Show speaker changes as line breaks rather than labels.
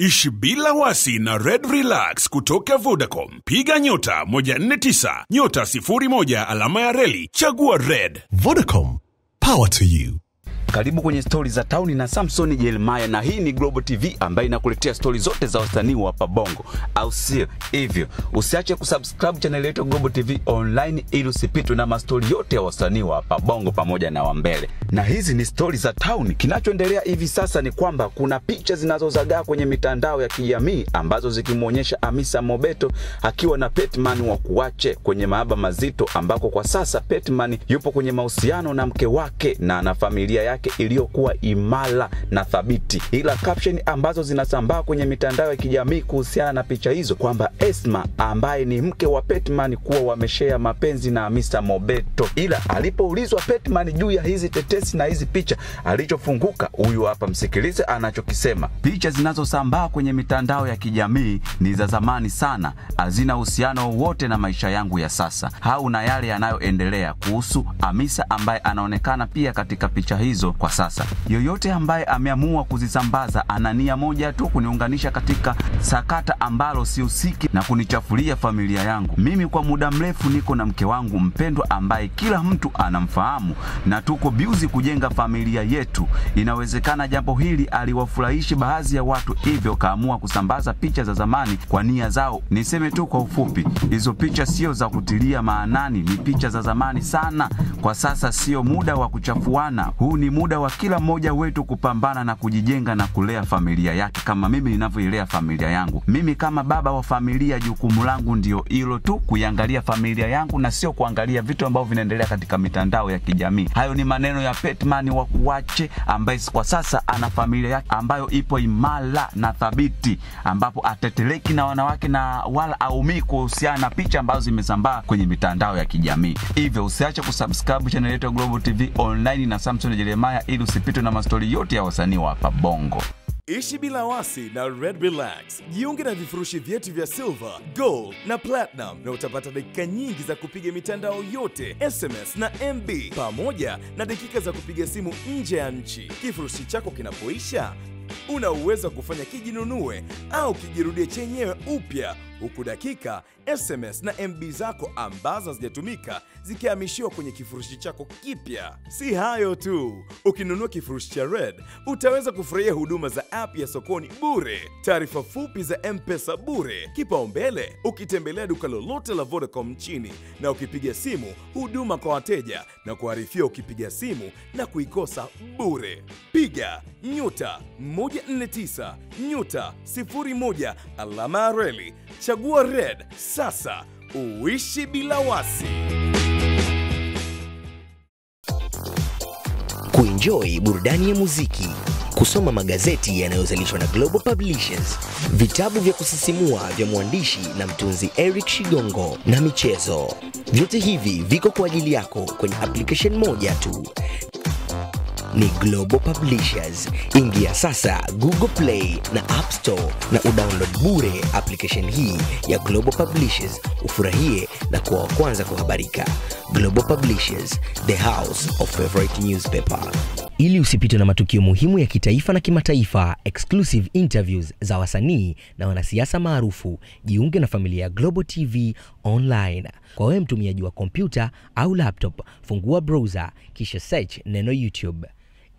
Ishi bila wasi na Red Relax kutoka Vodacom. Piga nyota 149 nyota 01 alama ya reli, chagua Red. Vodacom, power to you.
Karibu kwenye stori za tauni na Samson Jeremiah, na hii ni Global TV ambayo inakuletea stori zote za wasanii wa pabongo au sio hivyo? Usiache kusubscribe channel yetu Global TV Online ili usipitwe na mastori yote ya wasanii wa pabongo pamoja na wambele. Na hizi ni stori za tauni. Kinachoendelea hivi sasa ni kwamba kuna picha zinazozagaa kwenye mitandao ya kijamii ambazo zikimwonyesha amisa Mobeto akiwa na Petman wa kuache kwenye maaba mazito, ambako kwa sasa Petman yupo kwenye mahusiano na mke wake na ana familia yake yake iliyokuwa imara na thabiti, ila caption ambazo zinasambaa kwenye mitandao ya kijamii kuhusiana na picha hizo kwamba Esma ambaye ni mke wa Petman kuwa wameshea mapenzi na Hamisa Mobeto, ila alipoulizwa Petman juu ya hizi tetesi na hizi picha, alichofunguka huyu hapa, msikilize anachokisema. Picha zinazosambaa kwenye mitandao ya kijamii ni za zamani sana, hazina uhusiano wowote na maisha yangu ya sasa au na yale yanayoendelea kuhusu amisa ambaye anaonekana pia katika picha hizo kwa sasa. Yoyote ambaye ameamua kuzisambaza ana nia moja tu, kuniunganisha katika sakata ambalo sihusiki na kunichafulia familia yangu. Mimi kwa muda mrefu niko na mke wangu mpendwa ambaye kila mtu anamfahamu na tuko biuzi kujenga familia yetu. Inawezekana jambo hili aliwafurahishi baadhi ya watu, hivyo kaamua kusambaza picha za zamani kwa nia zao. Niseme tu kwa ufupi, hizo picha sio za kutilia maanani, ni picha za zamani sana. Kwa sasa sio muda wa kuchafuana, huu ni muda wa kila mmoja wetu kupambana na kujijenga na kulea familia yake kama mimi ninavyoilea familia yangu. Mimi kama baba wa familia, jukumu langu ndio hilo tu, kuiangalia familia yangu na sio kuangalia vitu ambavyo vinaendelea katika mitandao ya kijamii. Hayo ni maneno ya Petman wa kuache, ambaye kwa sasa ana familia yake ambayo ipo imara na thabiti, ambapo ateteleki na wanawake na wala aumii kuhusiana na picha ambazo zimesambaa kwenye mitandao ya kijamii. Hivyo usiache kusubscribe channel yetu ya Global TV Online na Samson Jeremiah mbaya ili usipitwe na mastori yote ya wasanii wa hapa Bongo.
Ishi bila wasi na Red Relax. Jiunge na vifurushi vyetu vya silver, gold na platinum na utapata dakika nyingi za kupiga mitandao yote, SMS na MB pamoja na dakika za kupiga simu nje ya nchi. Kifurushi chako kinapoisha, una uwezo wa kufanya kijinunue au kijirudie chenyewe upya huku dakika, SMS na MB zako ambazo hazijatumika zikihamishiwa kwenye kifurushi chako kipya. Si hayo tu, ukinunua kifurushi cha Red utaweza kufurahia huduma za app ya sokoni bure, taarifa fupi za mpesa bure, kipaumbele ukitembelea duka lolote la Vodacom nchini, na ukipiga simu huduma kwa wateja na kuharifiwa ukipiga simu na kuikosa bure. Piga nyuta 149 nyuta 01 alama reli Chagua Red sasa, uishi bila wasi.
Kuenjoy burudani ya muziki, kusoma magazeti yanayozalishwa na Global Publishers, vitabu vya kusisimua vya mwandishi na mtunzi Eric Shigongo na michezo. Vyote hivi viko kwa ajili yako kwenye application moja tu ni Global Publishers. Ingia sasa Google Play na App Store na udownload bure application hii ya Global Publishers, ufurahie na kuwa wa kwanza kuhabarika. Global Publishers, the house of favorite newspaper.
Ili usipitwe na matukio muhimu ya kitaifa na kimataifa, exclusive interviews za wasanii na wanasiasa maarufu, jiunge na familia ya Global TV Online. Kwa wewe mtumiaji wa kompyuta au laptop, fungua browser kisha search neno YouTube.